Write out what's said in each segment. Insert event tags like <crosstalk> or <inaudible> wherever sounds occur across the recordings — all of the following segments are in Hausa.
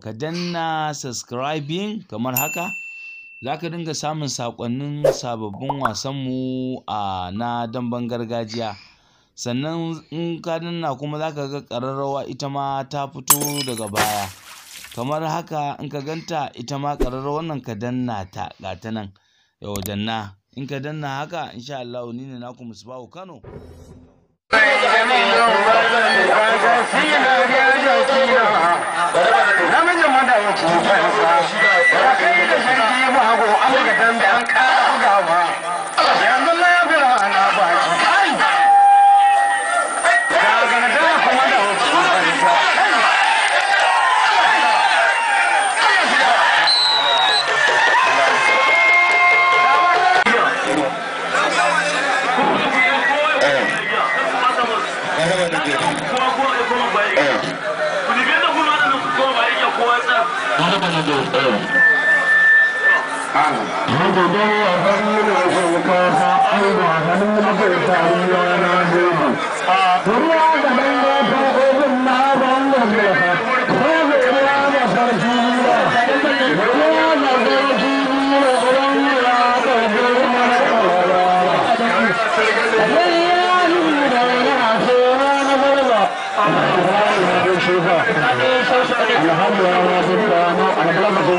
ka danna subscribing kamar haka za ka dinga samun saƙonnin sababbin wasanmu a na damban gargajiya sannan in ka danna kuma za ka ga ƙararrawa ita ma ta fito daga baya kamar haka in ka ganta ita ma ƙararrawar nan ka danna ta ga ta nan yau danna in ka danna haka insha Allah ni ne naku Musbahu Kano Thank you. مجدوا أهم وشوكاها أيضا أهم بكتابي وأنا أهم دنيا تبنى فوق النار والنبيها فوق النار وشرجيها دنيا تبنى فوق النار والنبيها الحمد لله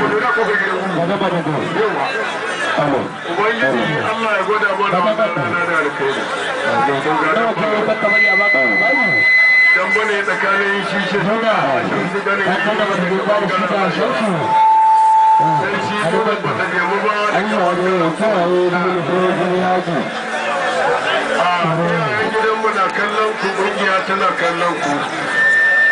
gudana ya gwada mana wannan rana da alkhairi da da ya da gidan mu kallon ku kungiya tana kallon ku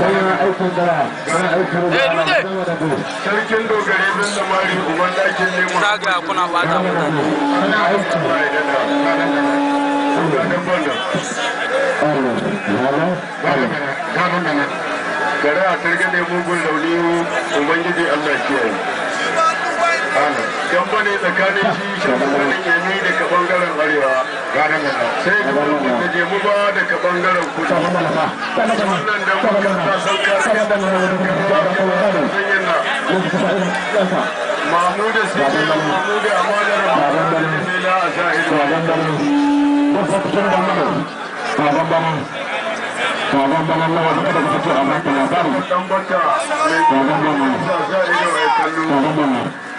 yana aikin zara yana aikin zara sarkin dogare bin samari uban dakin neman zagaya kuna yana a sarkin neman gun launi ubangiji allah kiyaye yan bane tsakanin shi shamsuddin yami daga bangaren arewa sai kuma da jemu ba daga bangaren kudu wannan da muka san karfi da zayyana mamu da sisi mamu da amanar mamu da mila a shahidu Kawan balan lawan kita dapat satu amat pengabar. na balan. Kawan balan. Kawan balan.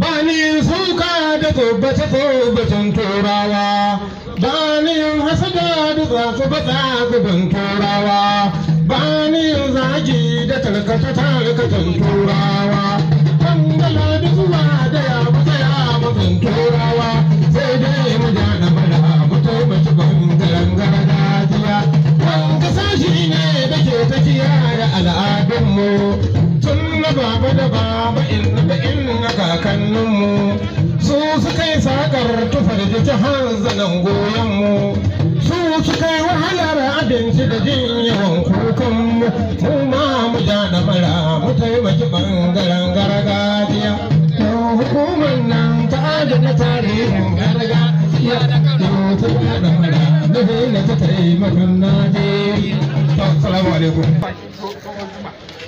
Bani suka da gobe ta turawa baniyin hasada da zakuba-zakuban turawa banin zagi da tarkata-tarkatan turawa bangala da zuwa da ya mata ya matan turawa sai dai mu ja da mara mu taimaki bangaren gargajiya wanda shi ne da ke ta kiyaye al'adunmu tun na baba da baba in na kakanninmu suka yi sakar tufa da jiki har zanen goyonmu su suka yi wahalar abinci da jin yawan kukanmu mu ma mu ja da mara mu taimaki ɓangaren gargajiya yau hukumar nan ta adana tarihin gargajiya yau ta ba da mara da ta taimakon najeriya assalamu alaikum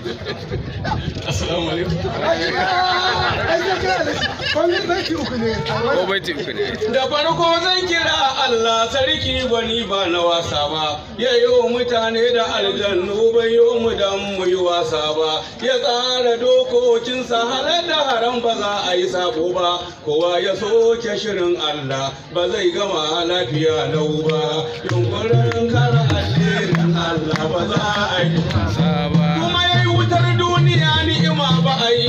ko da farko zan kira Allah sarki bani ba na wasa ba ya yi wa mutane da aljannu bai yi mu dan mu yi wasa ba ya tsara dokokinsa halar da haram ba za a yi sabo ba kowa ya soke shirin Allah ba zai gama lafiya lau ba yunkurin kara alherin Allah ba za a yi wasa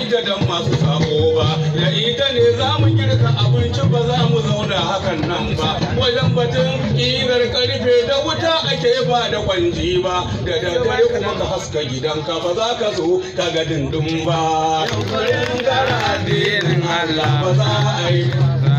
ita dan masu sabo ba da ita ne za mu girka abinci ba za mu zauna hakan nan ba wajen batun ƙirar karfe da wuta ake ba da kwanji ba da daddare kuma ka haska gidanka ba za ka zo ka ga dindin ba. Allah ba za a yi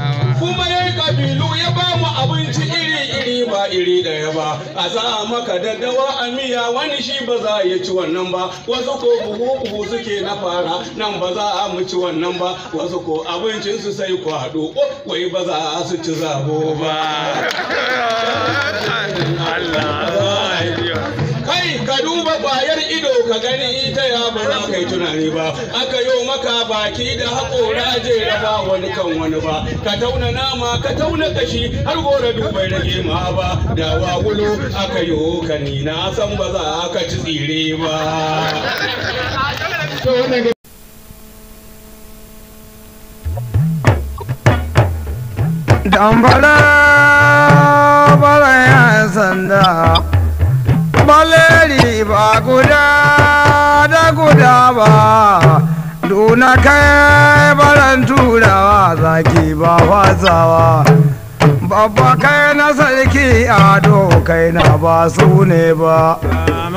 kuma ya kabilu ya ba mu abinci iri-iri ba iri daya ba a za maka daddawa a miya wani shi ba za ya ci wannan ba wasu ko buhu-buhu suke na fara nan ba za a mu ci wannan ba wasu ko abincinsu sai kwado oh, wai ba za su ci zabo ba <laughs> Allah duba kwayar ido ka gani ita ya ba za ka yi tunani ba aka yi maka baki da haƙora jera ba wani kan wani ba ka tauna nama ka tauna kashi har gora dubai rage ma ba da wawulo aka yi ka ni na san ba za ka ci tsire ba Dambala, bala ya sanda. ba guda da guda ba duna kai baran turawa zaki ba fasawa babba kai na sarki ado kai na ba su ne ba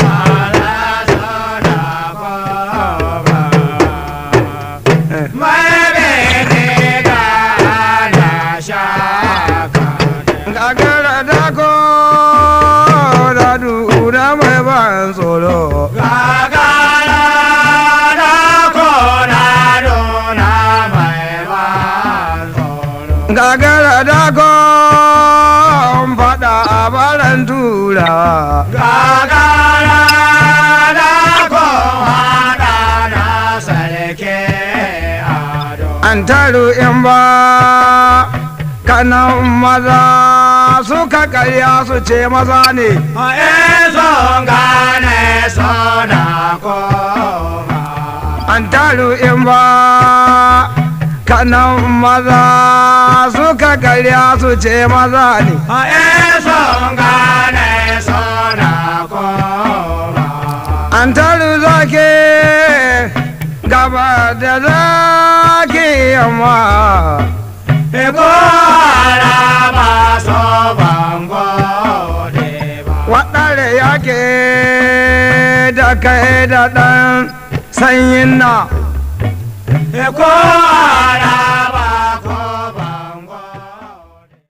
gagara dagon fada a baran tura gagara dagon fada na sarki ado an taru in ba kanan maza suka karya su ce maza ne a son e gane na koma an taru in ba kanan maza suka karya su ce maza ne a son gane suna koma an taru zake gaba da zaki yamma ba maso bango wadare yake da kai da ɗan sanyin na Agora!